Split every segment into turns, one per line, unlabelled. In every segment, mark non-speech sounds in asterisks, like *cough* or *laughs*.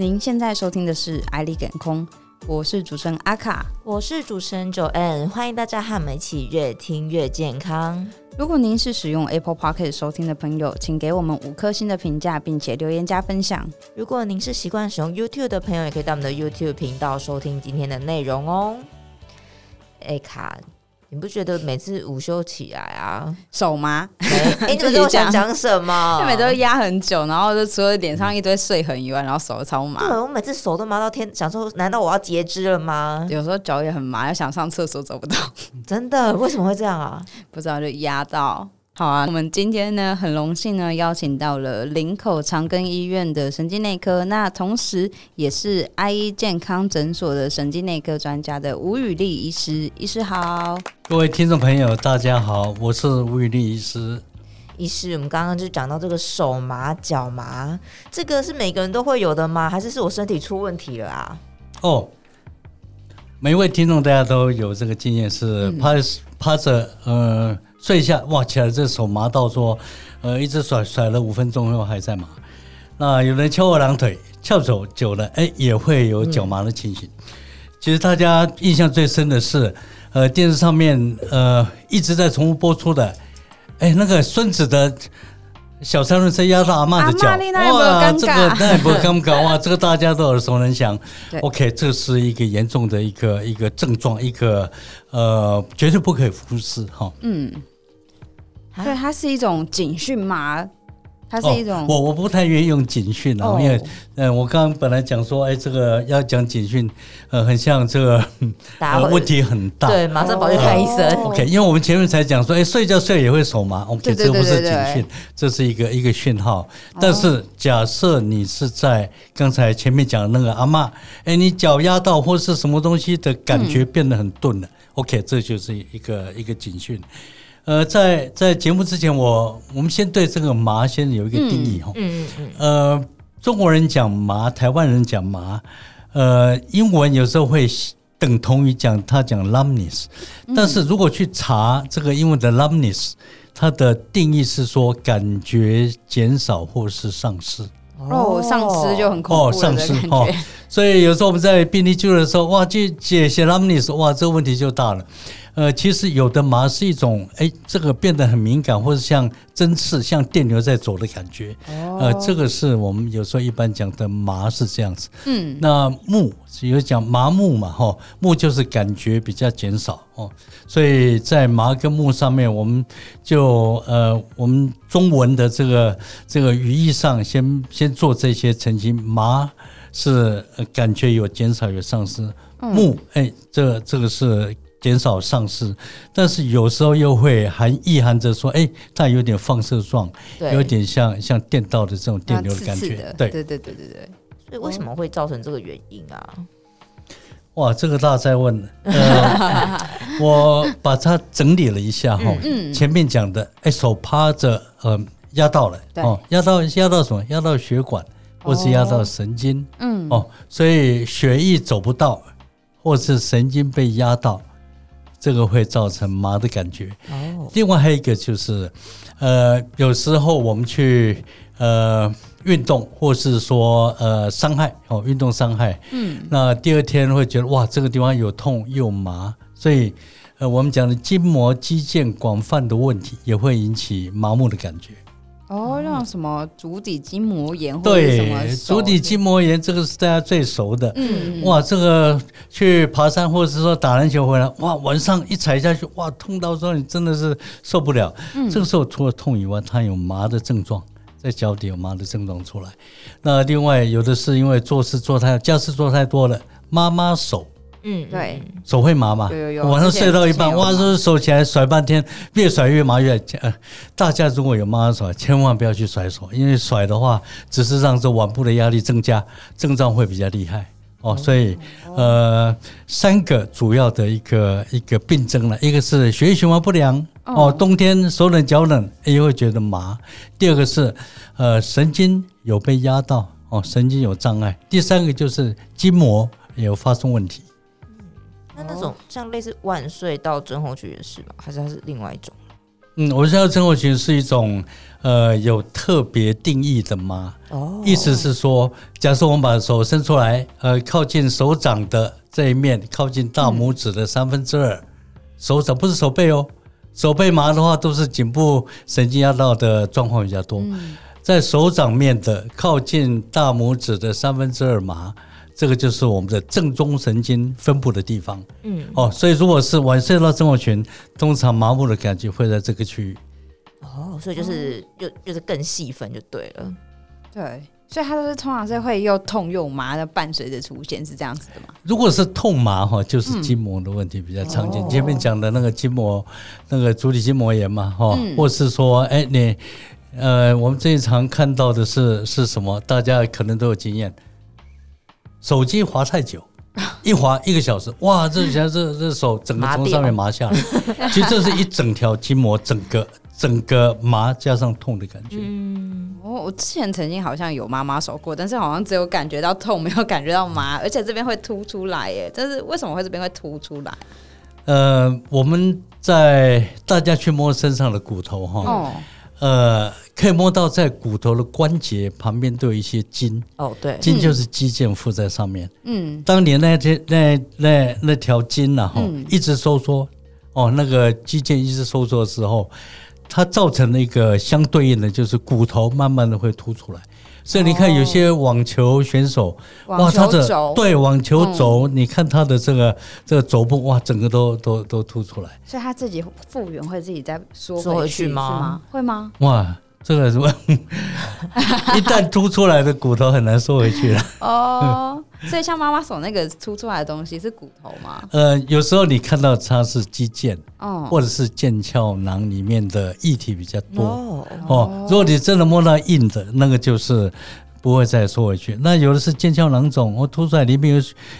您現在收聽的是《艾利健康》，我是主持人阿卡，
我是主持人 Joanne，歡迎大家和我們一起越聽越健
康。如果您是使用 Apple Podcast 收聽的朋友，請給我們五顆星的評價，並且留言加分享。
如果您是習慣使用 YouTube 的朋友，也可以到我們的 YouTube 頻道收聽今天的內容哦。艾、欸、卡。你不覺得每次午休起來啊，
手麻、欸？你們都想講什麼就？就每次都壓很久，然後就除了臉上一堆碎痕以外，然後手超麻、嗯。我每次手都麻到天，想說，難道我要截肢了嗎？有時候腳也很麻，要想上廁所走不到。真的？為什麼會這樣啊？不知道，就壓到。好啊，我們今天呢很榮幸呢邀請到了林口長庚醫院的神經內科，那同時也是 i 醫健康診所的神經內科專家的吳宇麗醫師。醫師好，
各位聽眾朋友，大家好，我是吳宇麗醫師。
醫師，我們剛剛就講到這個手麻、腳麻，這個是每個人都會有的嗎？還是是我身體出問題了
啊？哦，每一位聽眾大家都有這個經驗，是趴趴着呃。嗯睡一下，哇！起來這手麻到說，呃，一直甩甩了五分鐘後還在麻。那有人翹二郎腿，翹走久了，哎、欸，也會有腳麻的情形、嗯。其實大家印象最深的是，呃，電視上面呃一直在重複播出的，哎、欸，那個孫子的小三輪車壓到阿嬤的腳哇！這個哪有感覺哇！這個大家都耳熟能詳。OK，這是一個嚴重的一個一個症狀，一個呃，絕對不可以忽視哈。嗯。
對，它是一種警訊嘛？它是一種，oh, 我
我不太願意用警訊了，因、oh. 為，嗯、欸，我剛剛本來講說，哎、欸，這個要講警訊，呃，很像這個、呃，問題很大，對，馬上跑去看醫生。Oh. OK，因為我們前面才講說，哎、欸，睡覺睡也會手麻，OK，這不是警訊，這是一個一個訊號。但是假設你是在剛才前面講那個阿嬤，哎、欸，你腳壓到或是什麼東西的感覺變得很鈍了、嗯、，OK，這就是一個一個警訊。呃，在在節目之前，我我們先對這個麻先有一個定義哈。嗯嗯嗯。呃，中國人講麻，台灣人講麻。呃，英文有時候會等同於講他講 numbness 但是如果去查這個英文的 numbness，它的定義是說感覺減少或是喪失。哦，喪失就很恐怖的感覺。哦，喪失。哦。所以有時候我們在病例記錄的時候，哇，去解釋他們的時候，哇，這個問題就大了。呃，其實有的麻是一種，哎、欸，這個變得很敏感，或者像針刺、像電流在走的感覺。呃，這個是我們有時候一般講的麻是這樣子。嗯。那木是有講麻木嘛？哈、哦，木就是感覺比較減少哦。所以在麻跟木上面，我們就呃，我們中文的這個這個語義上先，先先做這些澄清麻。是感覺有減少有喪失、嗯木，木、欸、哎，這這個是減少喪失，但是有時候又會含意含着說，哎、欸，它有點放射狀，有點像像電道的這種電流的感覺，嗯、對,對對對對
對。所以為什麼會造成這個原因
啊？哇，這個大家在問，呃、 *laughs* 我把它整理了一下哈、嗯嗯，前面講的，哎、欸，手趴着，呃、嗯，壓到了，哦，壓到壓到什麼？壓到血管。或是壓到神經，哦嗯哦，所以血液走不到，或是神經被壓到，這個會造成麻的感覺。哦，另外還有一個就是，呃，有時候我們去呃運動，或是說呃傷害，哦、呃、運動傷害，嗯，那第二天會覺得哇，這個地方有痛又麻，所以呃我們講的筋膜肌腱廣泛的問題也會引起麻木的感覺。
哦，那什麼足底筋膜
炎對，什麼對對，足底筋膜炎這個是大家最熟的。嗯，哇，這個去爬山或者是說打籃球回來，哇，晚上一踩下去，哇，痛到時候你真的是受不了。這個時候除了痛以外，它有麻的症狀，在腳底有麻的症狀出來。那另外有的是因為做事做太，家事做太多了，媽媽手。嗯，對，手會麻嘛？有有有。晚上睡到一半，哇，手起來甩半天，越甩越麻，越……呃，大家如果有麻的手，千萬不要去甩手，因為甩的話，只是讓這腕部的壓力增加，症狀會比較厲害哦。所以，呃，三個主要的一個一個病症了，一個是血液循環不良哦，冬天手冷腳冷，也會覺得麻。第二個是呃，神經有被壓到哦，神經有障礙。第三個就是筋膜有發生問題。
那種像類似腕隧道症候群也是吧？還是還是另外一種？
嗯，我知道症候群是一種呃有特別定義的麻、哦，意思是說，假設我們把手伸出來，呃，靠近手掌的這一面，靠近大拇指的三分之二，手掌不是手背哦，手背麻的話都是頸部神經壓到的狀況比較多、嗯，在手掌面的靠近大拇指的三分之二麻。這個就是我們的正中神經分布的地方，嗯，哦，所以如果是晚睡到這麼群，通常麻木的感覺會在這個區
域。哦，所以就是又、哦、就，就是更細分就對了、嗯。對，所以它都是通常是會又痛又麻的，伴隨着出現是這樣子的嗎？
如果是痛麻哈、哦，就是筋膜的問題比較常見。嗯、前面講的那個筋膜，那個足底筋膜炎嘛，哈、哦嗯，或是說，哎，你呃，我們最常看到的是是什麼？大家可能都有經驗。手機滑太久，一滑一個小時，哇！這現在這這手整個從上面麻下來，其實這是一整條筋膜整個整個麻加上痛的感
覺。嗯，哦，我之前曾經好像有媽媽手過，但是好像只有感覺到痛，沒有感覺到麻，而且這邊會凸出來耶。但是為什麼會這邊會凸出來？呃，
我們在大家去摸身上的骨頭哈。哦。呃，可以摸到在骨頭的關節旁邊都有一些筋哦，oh, 對，筋就是肌腱附在上面。嗯，當年那條那那那，那條筋然、啊、哈、嗯，一直收縮，哦，那個肌腱一直收縮的時候，它造成了一個相對應的，就是骨頭慢慢的會凸出來。所以你看有些網球選手，嗯、哇，他的對網球肘，嗯、你看他的這個這個肘部哇，整個都都都凸出來。
所以他自己復原會自己再縮回去，說回去嗎，嗎？會嗎？
哇，這個什麼，一旦凸出來的骨頭很難縮回去
了 *laughs* 哦。所以，像媽媽手那個突出來的東西是骨頭
嗎？呃，有時候你看到它，是肌腱哦，oh. 或者是腱鞘囊裡面的液體比較多、oh. 哦。如果你真的摸到硬的，那個就是不會再縮回去。那有的是腱鞘囊腫，我突出來裡面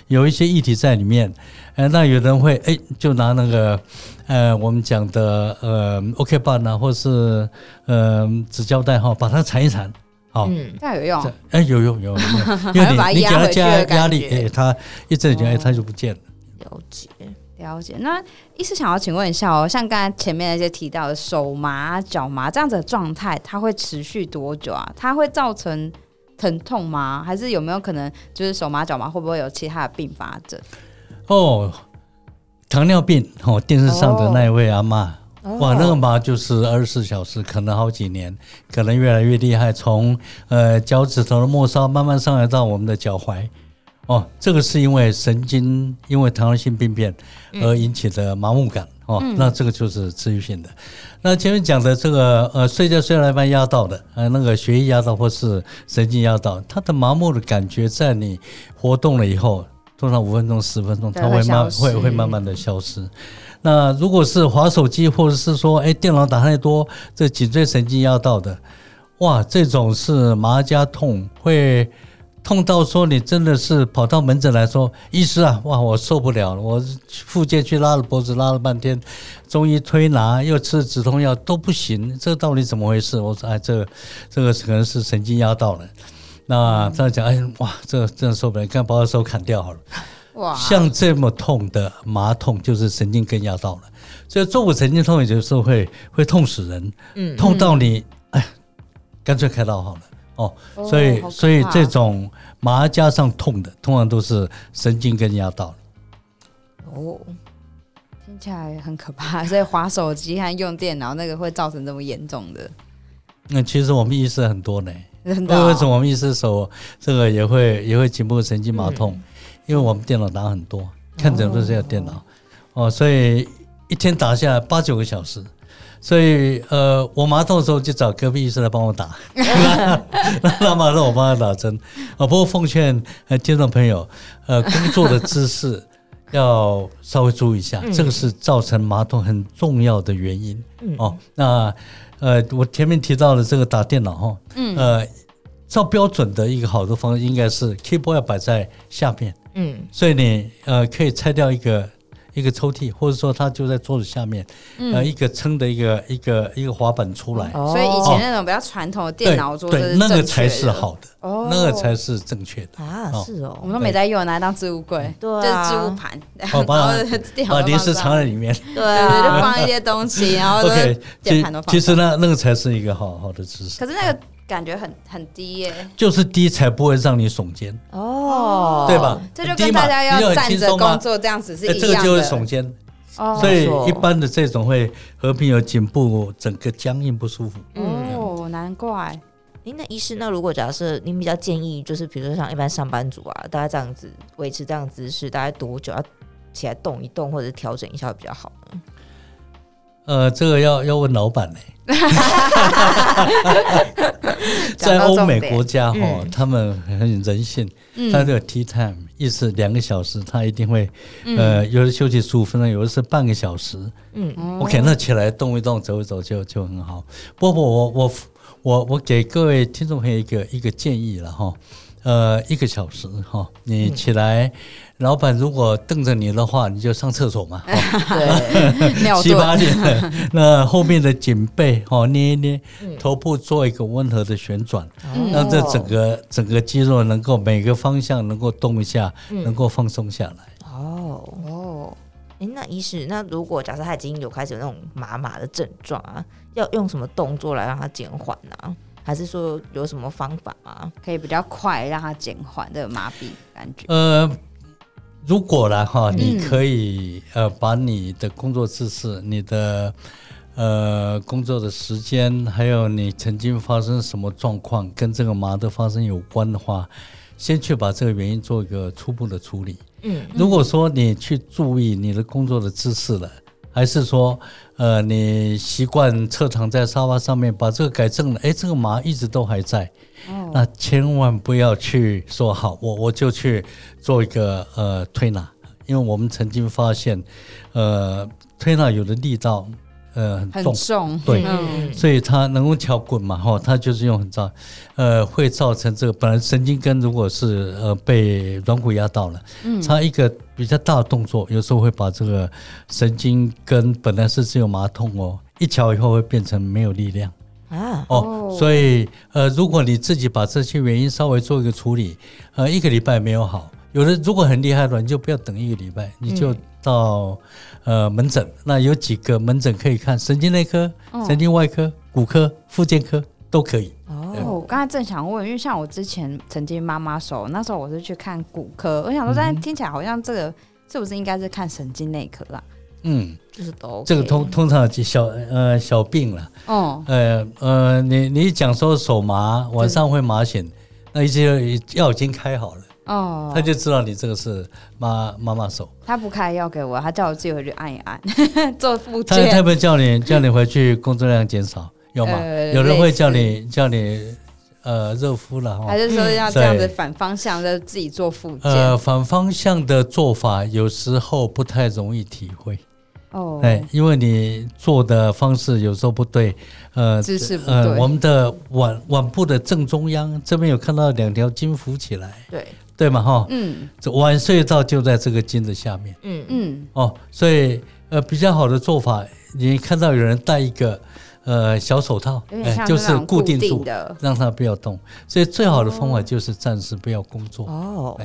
有有一些液體在裡面。呃，那有人會哎、欸，就拿那個呃，我們講的呃，OK 繃啊，或是呃，紙膠帶哈，把它纏一纏。好、哦，這樣有用。哎、欸，有用有用，有有 *laughs* 因為你把你給他加壓力，哎、欸，他一陣子哎、哦，他就不見了。了解
了解，那醫師想要請問一下哦，像剛才前面那些提到的手麻、腳麻這樣子的狀態，它會持續多久啊？它會造成疼痛嗎？還是有沒有可能就是手麻、腳麻會不會有其他的并发症？
哦，糖尿病哦，電視上的那一位阿、哦、嬤。啊哇，那個麻就是二十四小時，可能好幾年，可能越來越厲害。從呃腳趾頭的末梢慢慢上來到我們的腳踝，哦，這個是因為神經因為糖尿病病變而引起的麻木感、嗯，哦，那這個就是持續性的、嗯。那前面講的這個呃睡覺睡到一半壓到的，呃那個血液壓到或是神經壓到，它的麻木的感覺在你活動了以後，通常五分鐘十分鐘，它會慢會會慢慢的消失。那如果是滑手機，或者是說，哎，電腦打太多，這頸椎神經壓到的，哇，這種是麻加痛，會痛到說你真的是跑到門診來說，醫師啊，哇，我受不了了，我復健，去拉了脖子，拉了半天，中醫推拿又吃止痛藥都不行，這到底怎麼回事？我說，哎，這個這個可能是神經壓到了。那他講，哎，哇，這真的受不了，你看把我的手砍掉好了。
像
這麼痛的麻痛，就是神經根壓到了。所以坐骨神經痛有時候會會痛死人，嗯、痛到你哎，乾、嗯、脆開刀好了哦，哦。所以所以這種麻加上痛的，通常都是神經根壓到
了。哦，聽起來很可怕。所以滑手機和用電腦那個會造成這麼嚴重的？
那、嗯、其實我們醫師很多呢，哦，因為為什麼我們醫師手這個也會也會頸部神經麻痛？嗯因為我們電腦打很多，看診，都是要電腦哦，哦，所以一天打下來八九個小時，所以呃，我麻痛的時候就找隔壁醫生來幫我打， *laughs* *laughs* 那麼讓我幫他打針哦。不過奉勸聽眾朋友，呃，工作的姿勢要稍微注意一下， *laughs* 這個是造成麻痛很重要的原因，嗯、哦。那呃，我前面提到了這個打電腦哈，呃，照標準的一個好的方式應該是 keyboard 要擺在下面。嗯，所以你呃可以拆掉一個一個抽屜，或者說它就在桌子下面，呃，一個撐的一個一個一個滑板出來。哦、所以以前那種比較傳統的電腦桌的對，對，那個才是好的，哦，那個才是正確的、哦、啊，是哦。我們都沒
在用，拿來當置物櫃，對，就是置物盤，然後電腦啊臨時藏在裡面，對、啊、 *laughs* 對，就放一些東西，然後 *laughs* OK，其實，其實那
那個才是一個好好的姿勢。可
是那個。感覺很很低耶、欸，就
是低才不會讓你聳肩哦
，oh, 對吧？這就跟大家要站着工作這樣子是一樣的。聳肩哦。所以一
般的這種會合併有頸部整個僵硬不舒服。
哦，難怪。您的、 *noise* 欸、醫師那如果假設您比較建議，就是比如說像一般上班族啊，大家這樣子維持這樣姿勢，大概多久要起來動一動或者調整一下會比較好？
呃，這個要要問老板嘞、欸。 *laughs* *laughs* 在歐美國家哈、嗯，他們很人性，他這個 tea time，一次兩個小時，他一定會、嗯、呃，有的休息十五分鐘，有的是半個小時。嗯，我給他起來動一動、走一走就就很好。不不，不我我我我給各位聽眾朋友一個一個建議了哈。呃，一個小時哈、哦，你起來，嗯、老闆如果瞪着你的話，你就上廁所嘛，嗯哦、對， *laughs* *laughs* 七八點， *laughs* *laughs* 那後面的頸背哦捏一捏，頭部做一個溫和的旋轉、嗯，讓這整個整個肌肉能夠每個方向能夠動一下，嗯、能夠放鬆下來。
哦哦、欸，那醫師，那如果假設他已經有開始有那種麻麻的症狀啊，要用什麼動作來讓他減緩呢？還是說有什麼方法嗎？可以
比較快讓它減緩這個麻痹的感
覺？呃，如果的哈、嗯，你可以呃把你的工作姿勢、你的呃工作的時間，還有你曾經發生什麼狀況跟這個麻的發生有關的話，先去把這個原因做一個初步的處理。嗯，如果說你去注意你的工作的姿勢了。還是說，呃，你習慣側躺在沙發上面，把這個改正了，哎，這個麻一直都還在，那千萬不要去說，好，我我就去做一個呃推拿，因為我們曾經發現，呃，推拿有的力道。呃很、很重，對，嗯，所以它能夠敲骨嘛，哈，它就是用很早呃，會造成這個本來神經根如果是呃被軟骨壓到了，嗯，它一個比較大的動作，有時候會把這個神經根本來是只有麻痛哦，一敲以後會變成沒有力量啊，哦，所以呃，如果你自己把這些原因稍微做一個處理，呃，一個禮拜沒有好，有的如果很厲害了，你就不要等一個禮拜，你就到。嗯呃，門診那有幾個門診可以看神經內科、神經外科、嗯、骨科、復健科都可以。
哦，我剛才正想問，因為像我之前曾經媽媽手，那時候我是去看骨科，我想說，但聽起來好像這個是不是應該是看神經內科啦？嗯，就
是都、OK、這個通通常小呃小病啦。哦、嗯，呃呃，你你講說手麻，晚上會麻醒，那一些藥已經開好了。哦、oh，他就知道你這個是媽媽媽手。他
不開藥給我，他叫我自己回去按一按， *laughs* 做復健。他就不會
叫你叫你回去工作量減少有嗎？呃？有人會叫你叫你呃熱敷了。還是說要這樣子
反方向的自己做復健，嗯。呃，
反方向的做法有時候不太容易體會哦，哎，oh, 欸，因為你做的方式有時候不對，呃，姿勢不對，呃。我們的腕腕部的正中央這邊有看到兩條筋浮起來。對。對嘛哈，嗯，這腕隧道就在這個筋的下面，嗯嗯哦，所以呃比較好的做法，你看到有人戴一個呃小手套，就是固定住、嗯、讓他不要動。所以最好的方法就是暫時不要工作
哦，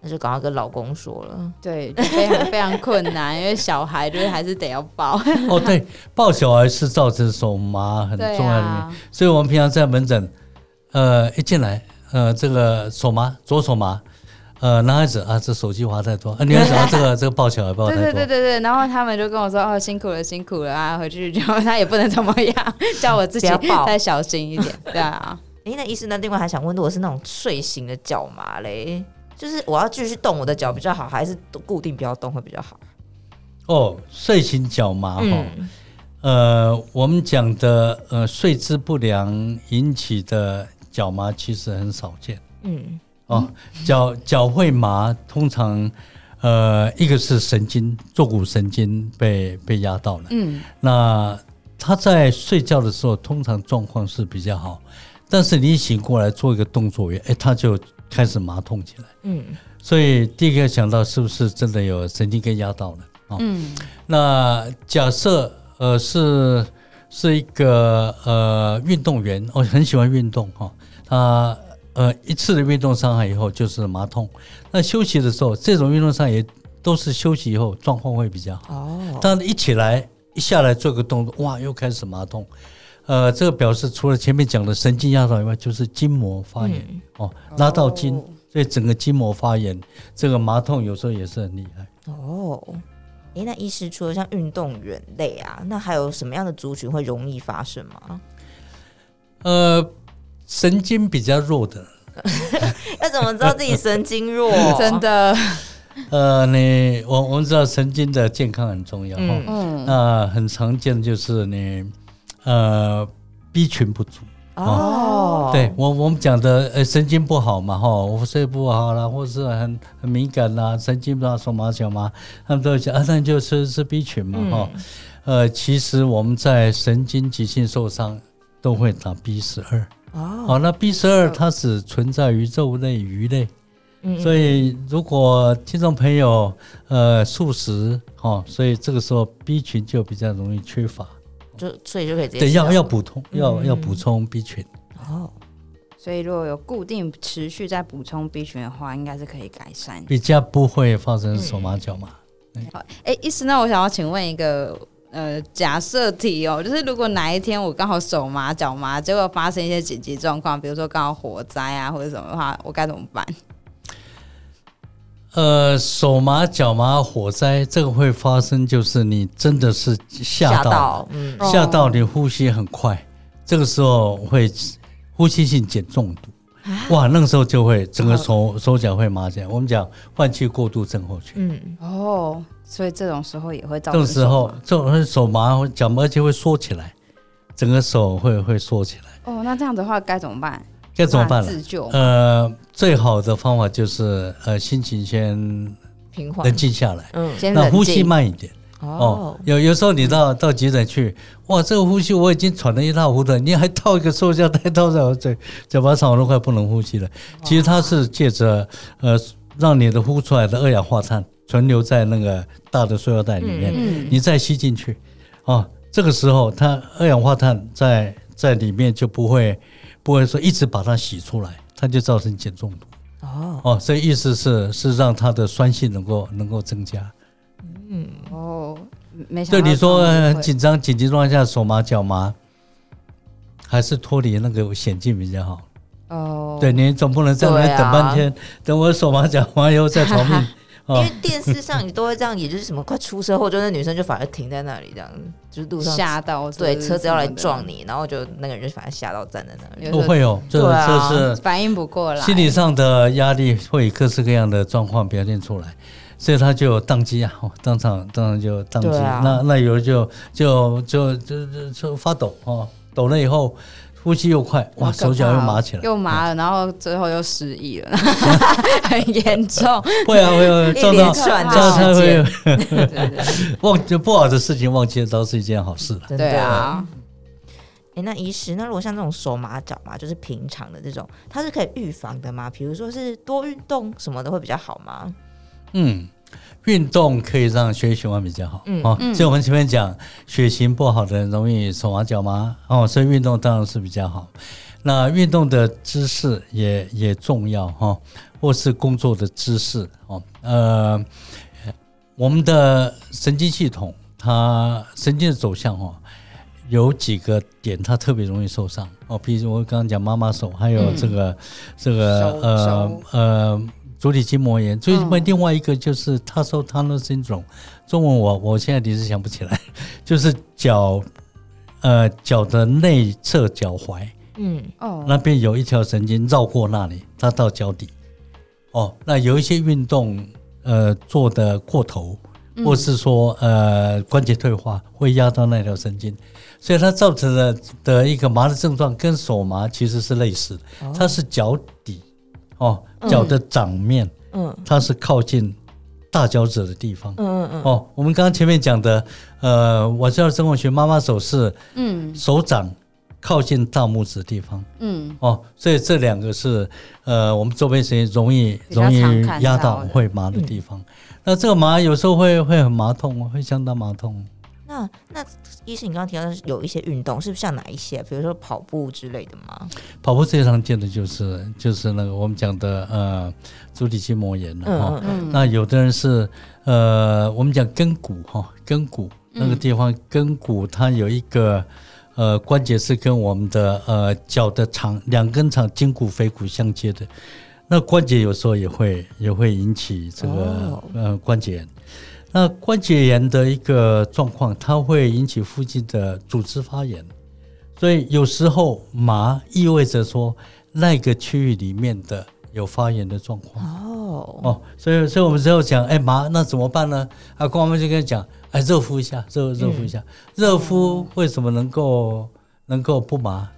那就趕快跟老公說了，嗯、對，
非常非常困難， *laughs* 因為小孩就是還是得要抱。
哦，對，抱小孩是造成手麻很重要的原因、啊，所以我們平常在門診，呃，一、欸、進來。呃，這個手麻，左手麻，呃，男孩子啊，這手機滑太多，女孩子啊、這個對對對對，這個這個抱起來抱太多對對對
對對。然後他們就跟我說：“哦，辛苦了，辛苦了啊！回去之後他也不能怎麼樣， *laughs* 叫我自己抱，再小心一點。”對
啊。誒、 *laughs* 欸，那醫生呢？另外還想問，如果是那種睡醒的腳麻嘞，就是我要繼續動我的腳比較好，還是固定不要動會比較好？
哦，睡醒腳麻哈、嗯。呃，我們講的呃，睡姿不良引起的。腳麻其實很少見，嗯、
嗯，
哦，腳腳會麻，通常，呃，一個是神經坐骨神經被被壓到了，嗯那，那他在睡覺的時候通常狀況是比較好，但是你醒過來做一個動作，他、欸、就開始麻痛起來，嗯、嗯，所以第一個想到是不是真的有神經根壓到了啊、哦？嗯，那假設呃是是一個呃運動員，我、哦、很喜歡運動哈。哦他呃一次的運動傷害以後就是麻痛，那休息的時候這種運動傷害也都是休息以後狀況會比較好。哦、oh.，但一起來一下來做個動作，哇，又開始麻痛。呃，這個表示除了前面講的神經壓到以外，就是筋膜發炎、嗯、哦，拉到筋，oh. 所以整個筋膜發炎，這個麻痛有時候也是很厲害。
哦，誒，那醫師除了像運動員類啊，那還有什麼樣的族群
會容易發生嗎？呃。神經比較弱的。 *laughs* 要怎麼知道自己神經弱？ *laughs* 真
的？
呃，你我我們知道神經的健康很重要哈。嗯，那、呃、很常見的就是你呃 B 群不足哦，哦。對我我們講的呃神經不好嘛哈，我睡不好啦，或是很很敏感啦，神經不要手麻腳麻，他們都講啊，那就是是 B 群嘛哈、嗯。呃，其實我們在神經急性受傷都會打 B 十二。哦、oh，好，那 B 十二它只存在於肉類，類、魚、嗯、類、嗯，所以如果聽眾朋友呃素食，哦，所以這個時候 B 群就比較容易缺乏，就所以就可以等一下要補充，要要補充 B 群。哦、嗯嗯，oh,
所以如果有固定持續在補充 B 群的話，應該是可以改善
的，比較不會發生手麻腳麻。
好，哎、欸，醫師那我想要請問一個。呃，假設題哦，就是如果哪一天我剛好手麻腳麻，結果發生一些緊急狀況，比如說剛好火災啊或者什麼的話，我該怎麼辦？
呃，手麻腳麻火災這個會發生，就是你真的是嚇到,嚇到，嚇、嗯嗯、嚇到你呼吸很快，這個時候會呼吸性鹼中毒。哇，那個、時候就會整個手、哦、手腳會麻這樣，我們講換氣過度症候群。
嗯，哦，所以這種時候也會造成，這種
時候這種手麻，腳麻，而且會縮起來，整個手會會縮起來。
哦，那這樣的話該怎麼辦？該怎麼辦？自救。呃，
最好的方法就是呃，心情先平緩，冷靜下來，嗯，那呼吸慢一點。Oh. 哦，有有時候你到到急診去，哇，這個呼吸我已經喘得一塌糊塗，你還套一個塑料袋套在我嘴嘴巴上，我都快不能呼吸了。Oh. 其實它是借着呃，讓你的呼出來的二氧化碳存留在那個大的塑料袋裡面，mm -hmm. 你再吸進去，哦。這個時候它二氧化碳在在裡面就不會不會說一直把它洗出來，它就造成鹼中毒。哦、
oh.
哦，所以意思是是讓它的酸性能夠能夠增加。嗯、
mm -hmm.。對你說，緊
張緊急狀態下手麻腳麻，還是脫離那個險境比較好。哦、oh,，對，你總不能在那等半天、啊，等我手麻腳麻以後再逃命、 *laughs* 哦。因為電視上你
都會這樣，也就是什麼快出車禍，就那女生就反而停在那裡，這樣子就是路上嚇到，對，車子要來撞你，然後就那個人就反而嚇到站在那裡。
不會哦、喔，真的是、啊、反應不過來，心理上的壓力會以各式各樣的狀況表現出來。所以他就有當機啊，當場當場就有當機，那那有就就就就就就發抖啊、哦，抖了以後呼吸又快，哇，手腳又麻起來，又
麻了、嗯，然後最後又失憶了， *laughs* *laughs* 很嚴嚴重。會啊，我有。一連撞到這會。 *laughs*
*laughs* 忘就不好的事情，忘記了倒是一件好事了。
對啊。哎、欸，那醫師那如果像這種手麻腳麻，就是平常的這種，它是可以預防的嗎？比如說是多運動什麼的會比較好嗎？
嗯，運動可以讓血液循環比較好，嗯、哦，所以我們前面講血型不好的人容易手麻腳麻，哦，所以運動當然是比較好。那運動的姿勢也也重要，哈、哦，或是工作的姿勢，哦，呃，我們的神經系統它神經的走向，哦，有幾個點它特別容易受傷，哦，比如我剛剛講媽媽手，還有這個、嗯、這個呃呃。足底筋膜炎，所以另外一個就是 Tarsal Tunnel Syndrome，中文我我現在一時想不起來，就是腳，呃，腳的內側腳踝，嗯，哦，那邊有一條神經繞過那裡，它到腳底，哦，那有一些運動，呃，做的過頭，或是說，呃，關節退化會壓到那條神經，所以它造成的的一個麻的症狀跟手麻其實是類似的，它是腳底。哦，腳的掌面，嗯，嗯，它是靠近大腳趾的地方，嗯嗯，嗯，哦，我們剛剛前面講的，呃，我知道曾灸學媽媽手是，嗯，手掌靠近大拇指的地方，嗯，嗯。哦，所以這兩個是，呃，我們周邊神經容易容易壓到會麻的地方的，嗯，那這個麻有時候會會很麻痛，會相當麻痛。
那、啊、那醫生，你剛剛提到，有一些運動，是不是像哪一些，比如說跑步之類的嗎？
跑步最常見的就是，就是那個我們講的呃足底筋膜炎了哈、嗯嗯嗯。那有的人是呃我們講跟骨哈，跟骨、哦、跟骨那個地方，跟骨它有一個呃關節是跟我們的呃腳的長兩根長筋骨、腓骨相接的，那關節有時候也會也會引起這個、哦、呃關節。那關節炎的一個狀況，它會引起附近的組織發炎，所以有時候麻意味着說那個區域裡面的有發炎的狀況。Oh. 哦，所以所以我們之後講，哎、欸，麻那怎麼辦呢？啊，光我們就跟他講，哎、欸，熱敷一下，熱熱敷一下。熱、嗯、敷為什麼能夠能夠不麻？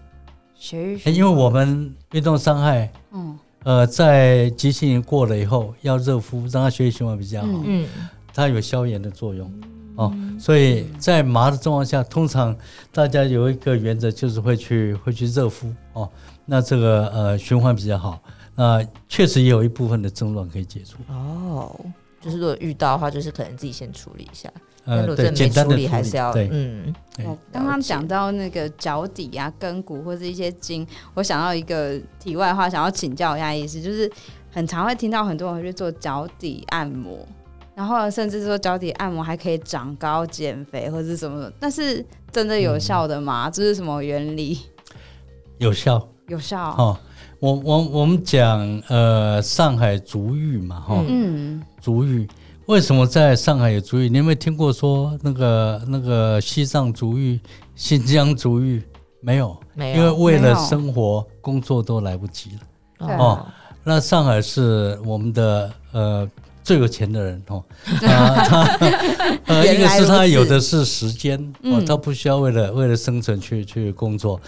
血液循環、欸、因為我們運動傷害，嗯，呃，在急性炎過了以後，要熱敷，讓它血液循環比較好。嗯，嗯。它有消炎的作用、嗯、哦，所以在麻的狀況下，通常大家有一個原則就是會去會去熱敷哦。那這個呃循環比較好，那、呃、確實也有一部分的症狀可以解除哦。
就是如果遇到的話，就是可能自己先處理一下，呃、如果真的沒處理，對、簡單的處理還是要對。嗯。我
剛剛講到那個腳底啊、跟骨或者一些筋，我想到一個題外話，想要請教一下醫師，就是很常會聽到很多人去做腳底按摩。然後甚至說，腳底按摩還可以長高、減肥或者什麼，但是真的有效的嗎、嗯？這是什麼原理？
有效，有效。哈、哦，我我我們講，呃，上海足浴嘛，哈、哦，嗯，足浴為什麼在上海有足浴？你有沒有聽過說，那個那個西藏足浴、新疆足浴？沒有，沒有，因為為了生活工作都來不及了、啊。哦，那上海是我們的呃。最有錢的人哦、 *laughs* 呃，啊，他呃，一個是他有的是時間哦，他不需要為了為了生存去去工作，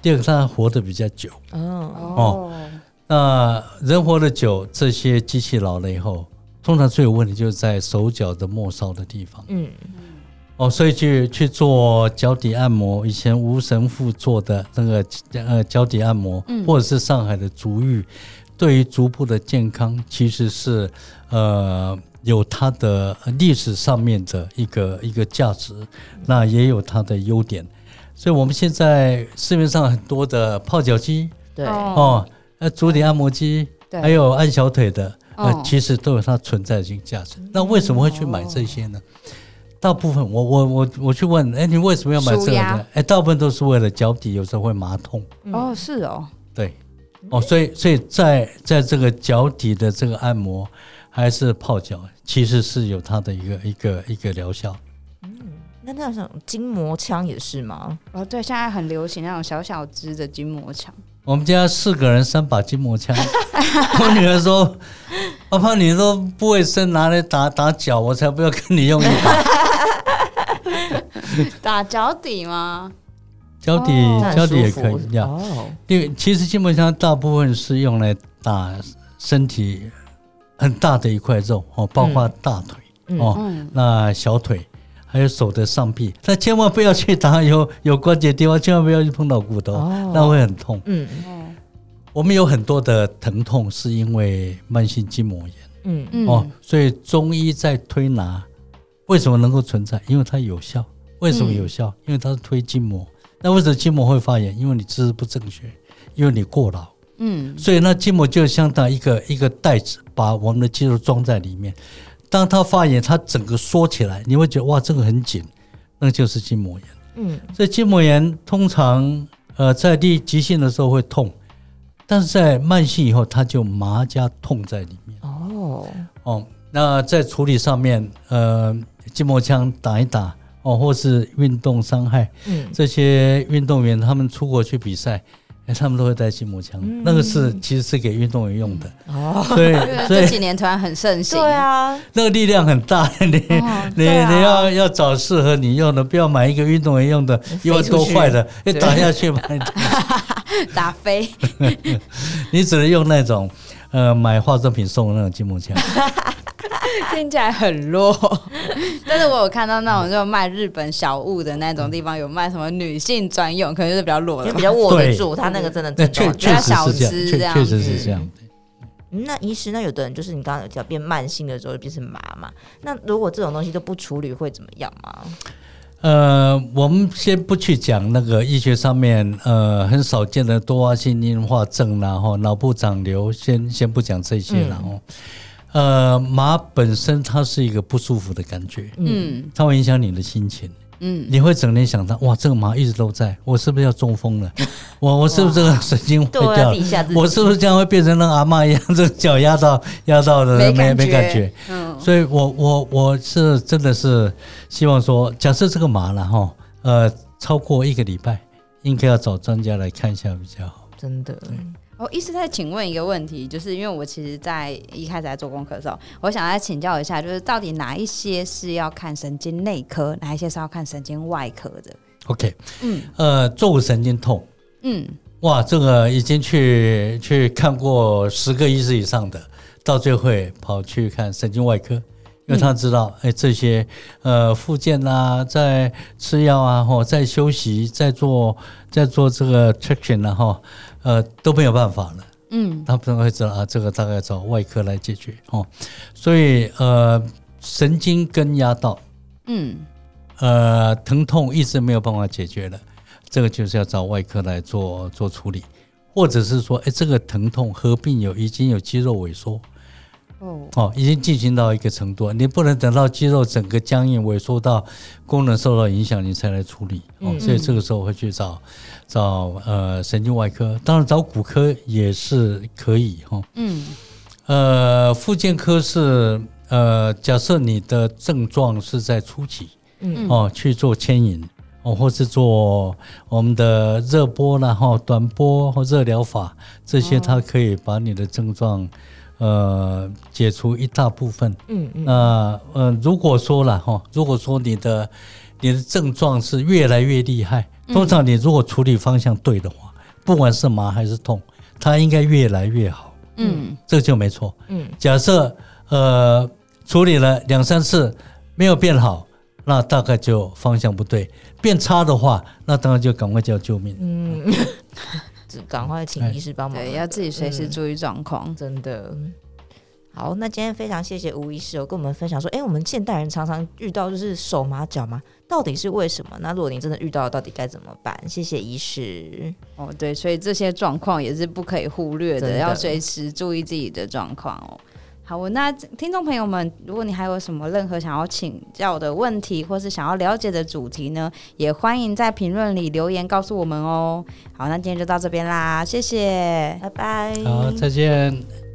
第二個他還活得比較久哦，那、呃、人活得久，這些機器老了以後，通常最有問題就是在手腳的末梢的地方，嗯哦，所以去去做腳底按摩，以前吳神父做的那個呃腳底按摩，或者是上海的足浴。嗯嗯對於足部的健康，其實是呃有它的歷史上面的一個一個價值，那也有它的優點。所以我們現在市面上很多的泡腳機，對哦，足底按摩機，還有按小腿的，呃，其實都有它存在的價值、哦。那為什麼會去買這些呢？哦、大部分我我我我去問，哎，你為什麼要買這個？哎，大部分都是為了腳底有時候會麻痛。
嗯、哦，是哦，
對。哦，所以所以在在這個腳底的這個按摩還是泡腳，其實是有它的一個一個一個療效。
嗯，那那種筋膜槍也是嗎？哦，
對，現在很流行那種小小只的筋膜槍。
我們家四個人三把筋膜槍。我女兒說：“我怕你都不衛生拿來打打腳，我才不要跟你用一把。
*laughs* ”打腳底嗎？
腳底，腳、oh, 底也可以這樣，因、oh, 為其實筋膜槍大部分是用來打身體很大的一塊肉哦，包括大腿哦、嗯嗯，那小腿還有手的上臂，但千萬不要去打有有關節地方，千萬不要去碰到骨頭，oh, 那會很痛。嗯，我們有很多的疼痛是因為慢性筋膜炎，嗯嗯哦，所以中醫在推拿為什麼能夠存在？因為它有效，為什麼有效？因為它是推筋膜。那為什麼筋膜會發炎？因為你姿勢不正確，因為你過勞。嗯，所以那筋膜就相當於一個一個袋子，把我們的肌肉裝在裡面。當它發炎，它整個縮起來，你會覺得哇，這個很緊，那就是筋膜炎。嗯，所以筋膜炎通常呃在第一急性的時候會痛，但是在慢性以後，它就麻加痛在裡面。哦哦，那在處理上面，呃，筋膜槍打一打。哦，或是運動傷害、嗯，這些運動員他們出國去比賽、欸，他們都會帶筋膜槍、嗯，那個是其實是給運動員用的，嗯哦、所以，所以這幾
年突然很盛行、啊。對啊，
那個力量很大，你、哦啊、你你要要找適合你用的，不要買一個運動員用的又要多壞的，你打下去買，
*laughs* 打飛，
*laughs* 你只能用那種，呃，買化妝品送的那種筋膜槍。 *laughs*
*laughs* 聽起來很弱，但是我有看到那種就賣日本小物的那種地方，有賣什麼女性專用，可能就是比較弱了。比較我的主，他那個真的，真的，那確確
實是這樣，確實是這樣、
嗯嗯。那醫師，那有的人就是你剛剛有講變慢性的時候，就變成麻嘛。那如果這種東西都不處理，會怎麼樣嗎？
呃，我們先不去講那個醫學上面，呃，很少見的多發性硬化症，然後腦部長瘤，先先不講這些，然、嗯、後。呃，麻本身它是一個不舒服的感覺，嗯，它會影響你的心情，嗯，你會整天想到，哇，這個麻一直都在，我是不是要中風了？我我是不是這個神經會掉了？啊、我是不是將會變成那個阿嬤一樣，這個腳壓到壓到的沒感覺沒，沒感覺？嗯，所以我，我我我是真的是希望說，假設這個麻了哈，呃，超過一個禮拜，應該要找專家來看一下比較好。真的。嗯。
我一直在請問一個問題，就是因為我其實，在一開始在做功課的時候，我想要請教一下，就是到底哪一些是要看神經內科，哪一些是要看神經外科的
？OK，嗯，呃，坐骨神經痛，嗯，哇，這個已經去去看過十個醫師以上的，到最後跑去看神經外科。因為他知道，哎、欸，這些呃，復健啊，在吃藥啊，或在休息，在做，在做這個 traction 啊，哈，呃，都沒有辦法了，嗯，他可能會知道啊，這個大概要找外科來解決，哦。所以呃，神經根壓到，嗯，呃，疼痛一直沒有辦法解決了，這個就是要找外科來做做處理，或者是說，哎、欸，這個疼痛合併有已經有肌肉萎縮。哦、oh. 已經進行到一個程度，你不能等到肌肉整個僵硬、萎縮到功能受到影響，你才來處理哦、mm -hmm.。所以這個時候會去找找呃神經外科，當然找骨科也是可以哈、mm -hmm. 呃。嗯，呃，復健科是呃，假設你的症狀是在初期，嗯哦，去做牽引哦，或是做我們的熱波然後短波或熱療法，這些它可以把你的症狀。呃，解除一大部分，嗯嗯呃，呃，如果說啦哈、哦，如果說你的你的症狀是越來越厲害，通常你如果處理方向對的話，嗯、不管是麻還是痛，它應該越來越好，嗯，這就沒錯，嗯，假設呃處理了兩三次沒有變好，那大概就方向不對，變差的話，那當然就趕快叫救命，嗯。
嗯 *laughs* 趕快請醫師幫忙，嗯。對，要自己隨時注意狀
況，嗯，真的。好，那今天非常謝謝吳醫師，哦，有跟我們分享說，哎、欸，我們現代人常常遇到就是手麻腳麻，到底是為什麼？那如果你真的遇到，到底該怎麼辦？
謝謝醫師。哦，對，所以這些狀況也是不可以忽略的，真的要隨時注意自己的狀況哦。好，那聽眾朋友們，如果你還有什麼任何想要請教的問題，或是想要了解的主題呢，也歡迎在評論裡留言告訴我們哦。好，那今天就到這邊啦，謝謝，拜拜，好，再
見。